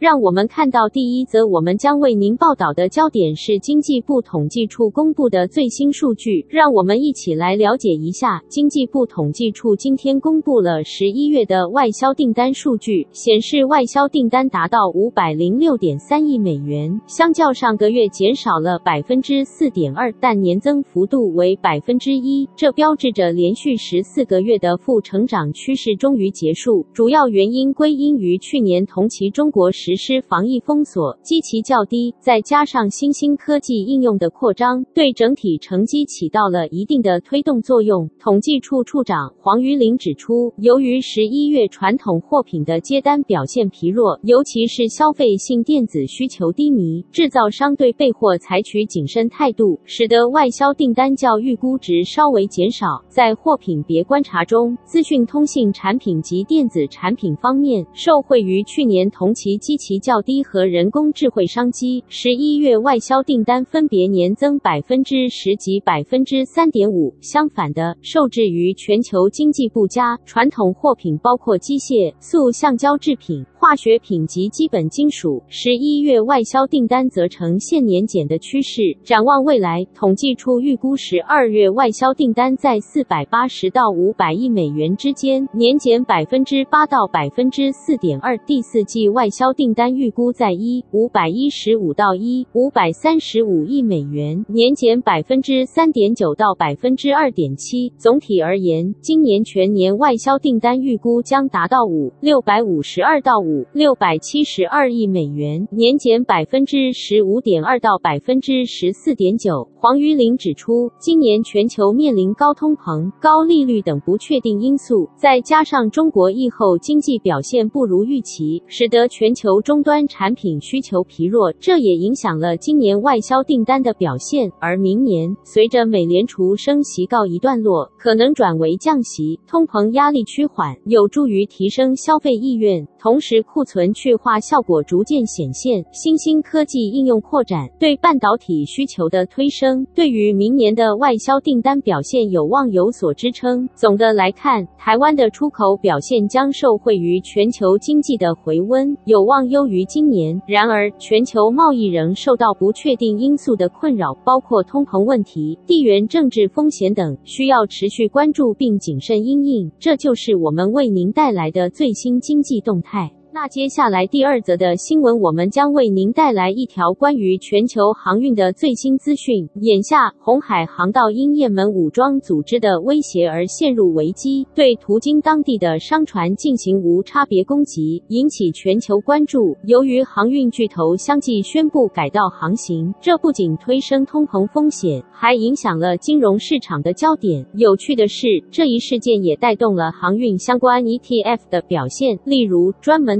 讓我們看到第一則，我們將為您報道的焦點是經濟部統計處公布的最新數據。讓我們一起來了解一下，經濟部統計處今天公布了十一月的外銷訂單數據，顯示外銷訂單達到五百零六點三億美元，相較上個月減少了百分之四點二，但年增幅度為百分之一。這標誌着連續十四個月的負成長趨勢終於結束，主要原因歸因於去年同期中國時實施防疫封鎖，基期較低，再加上新興科技應用的擴張，對整體成績起到了一定的推動作用。統計處處長黃於玲指出，由於十一月傳統貨品的接單表現疲弱，尤其是消費性電子需求低迷，制造商對備貨採取謹慎態度，使得外銷訂單較預估值稍微減少。在貨品別觀察中，資訊通信產品及電子產品方面，受惠於去年同期基期。其較低和人工智慧商機，十一月外銷訂單分別年增百分之十及百分之三點五。相反的，受制於全球經濟不佳，傳統貨品包括機械、塑橡膠製品、化學品及基本金屬，十一月外銷訂單則呈現年減的趨勢。展望未來，統計處預估十二月外銷訂單在四百八十到五百億美元之間，年減百分之八到百分之四點二。第四季外銷訂單。訂單預估在一五百一十五到一五百三十五億美元，年減百分之三點九到百分之二點七。總體而言，今年全年外銷訂單預估將達到五六百五十二到五六百七十二億美元，年減百分之十五點二到百分之十四點九。黃於林指出，今年全球面臨高通膨、高利率等不確定因素，再加上中國疫後經濟表現不如預期，使得全球。終端產品需求疲弱，這也影響了今年外銷訂單的表現。而明年隨着美聯儲升息告一段落，可能轉為降息，通膨壓力趨緩，有助於提升消費意願。同時，庫存去化效果逐漸顯現，新興科技應用擴展對半導體需求的推升，對於明年的外銷訂單表現有望有所支撐。總的來看，台灣的出口表現將受惠於全球經濟的回溫，有望優於今年。然而，全球貿易仍受到不確定因素的困擾，包括通膨問題、地緣政治風險等，需要持續關注並謹慎因應。這就是我們為您帶來的最新經濟動態。那接下來第二則的新聞，我們將為您帶來一條關於全球航運的最新資訊。眼下，紅海航道因也門武裝組織的威脅而陷入危機，對途經當地的商船進行無差別攻擊，引起全球關注。由於航運巨頭相繼宣布改道航行，這不僅推升通膨風險，還影響了金融市場的焦點。有趣的是，這一事件也帶動了航運相關 ETF 的表現，例如專門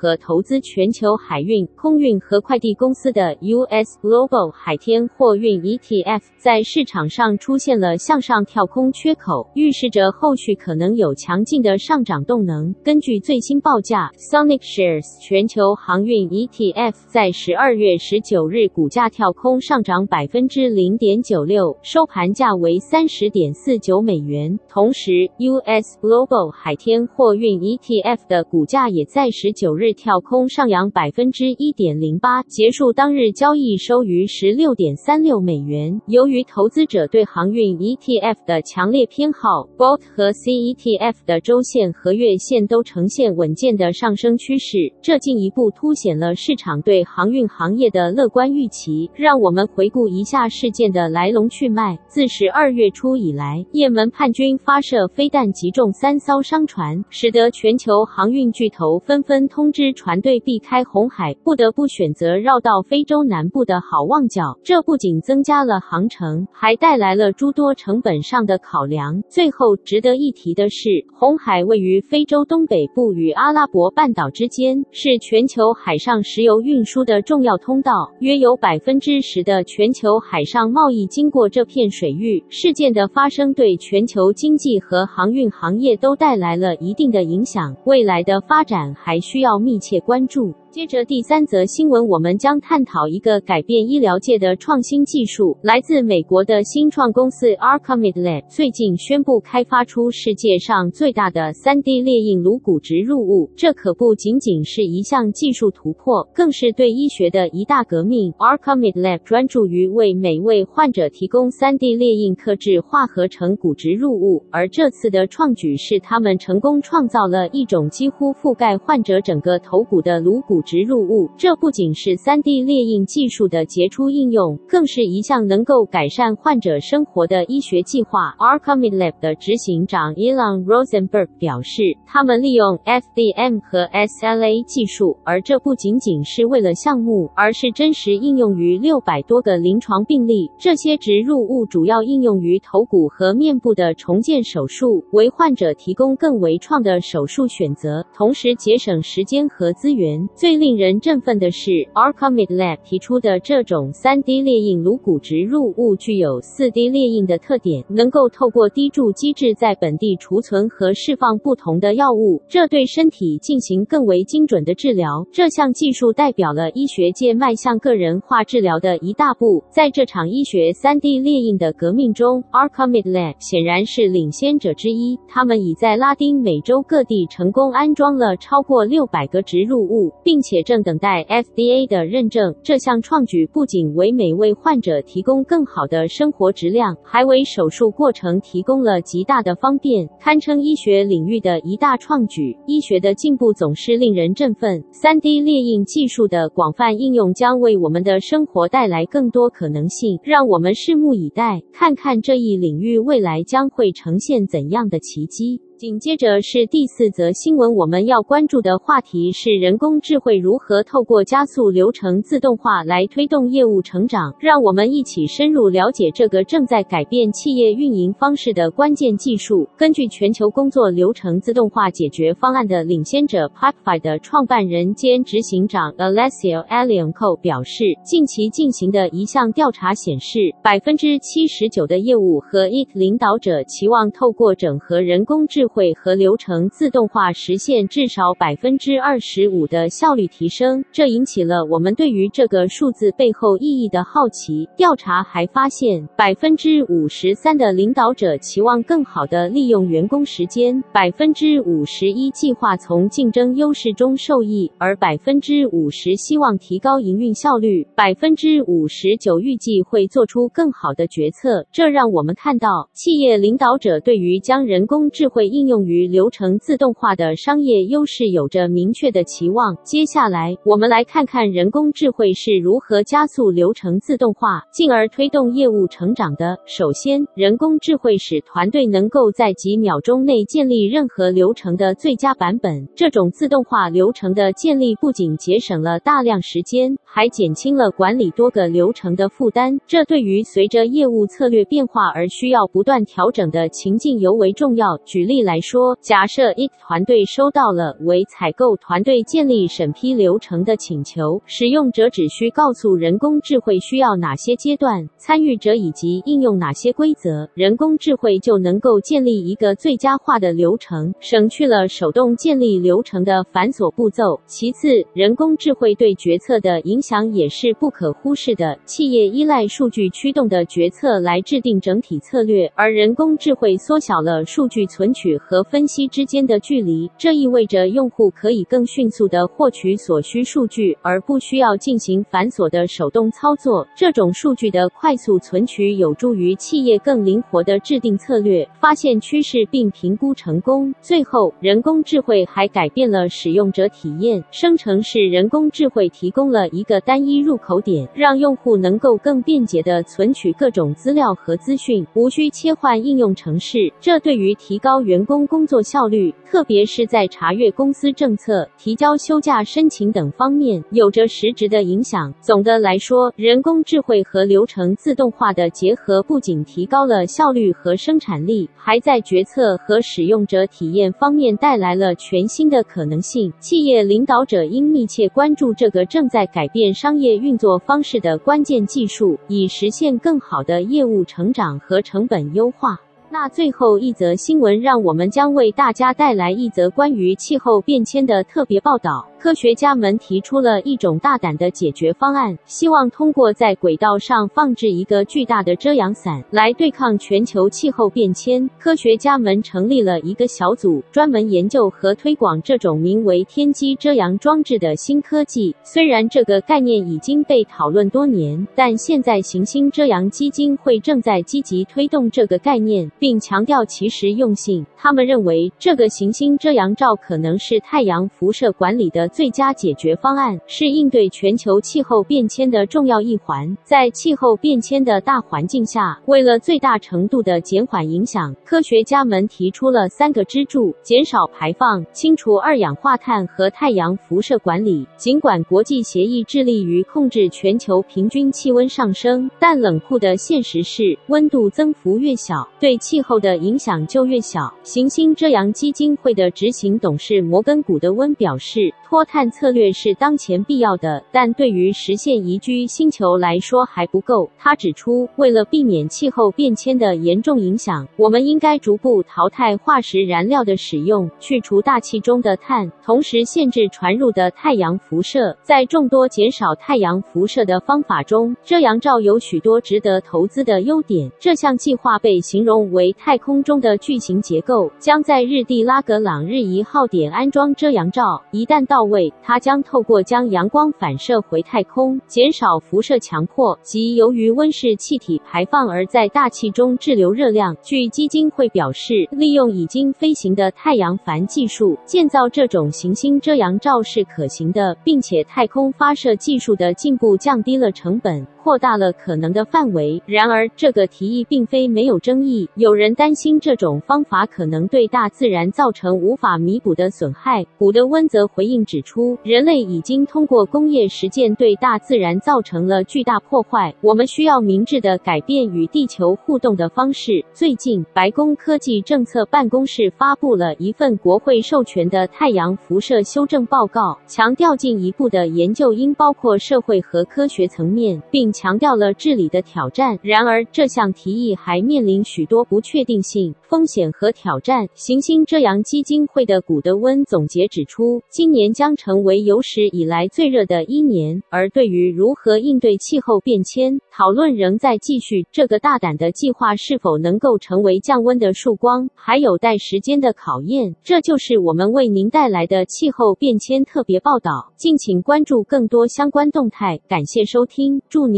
和投資全球海運、空運和快遞公司的 US Global 海天貨運 ETF 在市場上出現了向上跳空缺口，預示着後續可能有強勁的上漲動能。根據最新報價，SonicShares 全球航運 ETF 在十二月十九日股價跳空上漲百分之零點九六，收盤價為三十點四九美元。同時，US Global 海天貨運 ETF 的股價也在十九日，是跳空上揚百分之一點零八，結束當日交易收於十六點三六美元。由於投資者對航運 ETF 的強烈偏好，BOT 和 CETF 的週線和月線都呈現穩健的上升趨勢，這進一步凸顯了市場對航運行業的樂觀預期。讓我們回顧一下事件的來龍去脈：自十二月初以來，也門叛軍發射飛彈擊中三艘商船，使得全球航運巨頭紛紛通知。支船隊避開紅海，不得不選擇繞道非洲南部的好望角，這不僅增加了航程，還帶來了諸多成本上的考量。最後值得一提的是，紅海位於非洲東北部與阿拉伯半島之間，是全球海上石油運輸的重要通道，約有百分之十的全球海上貿易經過這片水域。事件的發生對全球經濟和航運行業都帶來了一定的影響。未來的發展還需要。密切關注。接着第三則新聞，我們將探討一個改變醫療界的創新技術。來自美國的新創公司 Arcomedlab 最近宣布開發出世界上最大的 3D 列印顱骨植入物。這可不僅僅是一項技術突破，更是對醫學的一大革命。Arcomedlab 專注於為每位患者提供 3D 列印客製化合成骨植入物，而這次的創舉是他們成功創造了一種幾乎覆蓋患者整個頭骨的顱骨。植入物，這不僅是 3D 列印技術的傑出應用，更是一項能夠改善患者生活的醫學計劃。Arcomedlab 的執行長 Elon Rosenberg 表示，他們利用 FDM 和 SLA 技術，而這不僅僅是為了項目，而是真實應用於六百多個臨床病例。這些植入物主要應用於頭骨和面部的重建手術，為患者提供更微創的手術選擇，同時節省時間和資源。最最令人振奮的是，Arcomedlab 提出的這種 3D 列印顱骨植入物具有 4D 列印的特點，能夠透過滴注機制在本地儲存和釋放不同的藥物，這對身體進行更為精準的治療。這項技術代表了醫學界邁向個人化治療的一大步。在這場醫學 3D 列印的革命中，Arcomedlab 顯然是領先者之一。他們已在拉丁美洲各地成功安裝了超過六百個植入物，並並且正等待 FDA 的認證。這項創舉不僅為每位患者提供更好的生活質量，還為手術過程提供了極大的方便，堪稱醫學領域的一大創舉。醫學的進步總是令人振奮，3D 列印技術的廣泛應用將為我們的生活帶來更多可能性。讓我們拭目以待，看看這一領域未來將會呈現怎樣的奇蹟。緊接着是第四則新聞，我們要關注的話題是人工智慧如何透過加速流程自動化來推動業務成長。讓我們一起深入了解這個正在改變企業運營方式的關鍵技術。根據全球工作流程自動化解決方案的領先者 Pipefy 的創辦人兼執行長 Alessio Alionco 表示，近期進行的一項調查顯示，百分之七十九的業務和 IT 領導者期望透過整合人工智慧會和流程自動化實現至少百分之二十五的效率提升，這引起了我們對於這個數字背後意義的好奇。調查還發現，百分之五十三的領導者期望更好地利用員工時間，百分之五十一計劃從競爭優勢中受益，而百分之五十希望提高營運效率，百分之五十九預計會做出更好的決策。這讓我們看到，企業領導者對於將人工智能應應用於流程自動化的商業優勢有着明確的期望。接下來，我們來看看人工智慧是如何加速流程自動化，進而推動業務成長的。首先，人工智慧使團隊能夠在幾秒鐘內建立任何流程的最佳版本。這種自動化流程的建立不僅節省了大量時間，還減輕了管理多個流程的負擔。這對於隨着業務策略變化而需要不斷調整的情境尤為重要。舉例。來說，假設 IT 團隊收到了為採購團隊建立審批流程的請求，使用者只需告訴人工智慧需要哪些階段，參與者以及應用哪些規則，人工智慧就能夠建立一個最佳化的流程，省去了手動建立流程的繁瑣步驟。其次，人工智慧對決策的影響也是不可忽視的。企業依賴數據驅動的決策來制定整體策略，而人工智慧縮小了數據存取。和分析之間的距離，這意味着用戶可以更迅速地獲取所需數據，而不需要進行繁瑣的手動操作。這種數據的快速存取有助於企業更靈活地制定策略、發現趨勢並評估成功。最後，人工智慧還改變了使用者體驗。生成式人工智慧提供了一個單一入口點，讓用戶能夠更便捷地存取各種資料和資訊，無需切換應用程式。這對於提高員人工工作效率，特別是在查閱公司政策、提交休假申請等方面，有着實質的影響。總的來說，人工智慧和流程自動化的結合，不僅提高了效率和生產力，還在決策和使用者體驗方面帶來了全新的可能性。企業領導者應密切關注這個正在改變商業運作方式的關鍵技術，以實現更好的業務成長和成本優化。那最後一則新聞，讓我們將為大家帶來一則關於氣候變遷的特別報道。科學家們提出了一種大膽的解決方案，希望通過在軌道上放置一個巨大的遮陽傘來對抗全球氣候變遷。科學家們成立了一個小組，專門研究和推廣這種名為“天基遮陽裝置”的新科技。雖然這個概念已經被討論多年，但現在行星遮陽基金會正在積極推動這個概念。並強調其實用性。他們認為，這個行星遮陽罩可能是太陽輻射管理的最佳解決方案，是應對全球氣候變遷的重要一環。在氣候變遷的大環境下，為了最大程度的減緩影響，科學家們提出了三個支柱：減少排放、清除二氧化碳和太陽輻射管理。儘管國際協議致力於控制全球平均氣溫上升，但冷酷的現實是，溫度增幅越小，對氣候的影響就越小。行星遮陽基金會的執行董事摩根·古德溫表示。脫碳策略是當前必要的，但對於實現宜居星球來說還不夠。他指出，為了避免氣候變遷的嚴重影響，我們應該逐步淘汰化石燃料的使用，去除大氣中的碳，同時限制傳入的太陽輻射。在眾多減少太陽輻射的方法中，遮陽罩有許多值得投資的優點。這項計劃被形容為太空中的巨型結構，將在日地拉格朗日一號點安裝遮陽罩。一旦到到位，它將透過將陽光反射回太空，減少輻射強迫及由於溫室氣體排放而在大氣中滯留熱量。據基金會表示，利用已經飛行的太陽帆技術建造這種行星遮陽罩是可行的，並且太空發射技術的進步降低了成本。擴大了可能的範圍。然而，這個提議並非沒有爭議。有人擔心這種方法可能對大自然造成無法彌補的損害。古德溫則回應指出，人類已經通過工業實踐對大自然造成了巨大破壞，我們需要明智地改變與地球互動的方式。最近，白宮科技政策辦公室發布了一份國會授權的太陽輻射修正報告，強調進一步的研究應包括社會和科學層面，並。強調了治理的挑戰。然而，這項提議還面臨許多不確定性、風險和挑戰。行星遮陽基金會的古德溫總結指出，今年將成為有史以來最熱的一年。而對於如何應對氣候變遷，討論仍在繼續。這個大膽的計劃是否能夠成為降溫的曙光，還有待時間的考驗。這就是我們為您帶來的氣候變遷特別報道。敬請關注更多相關動態。感謝收聽，祝您。